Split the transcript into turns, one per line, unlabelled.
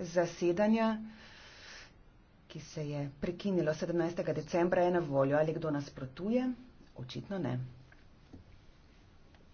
zasedanja, ki se je prekinilo 17. decembra, je na voljo. Ali kdo nasprotuje? Očitno ne.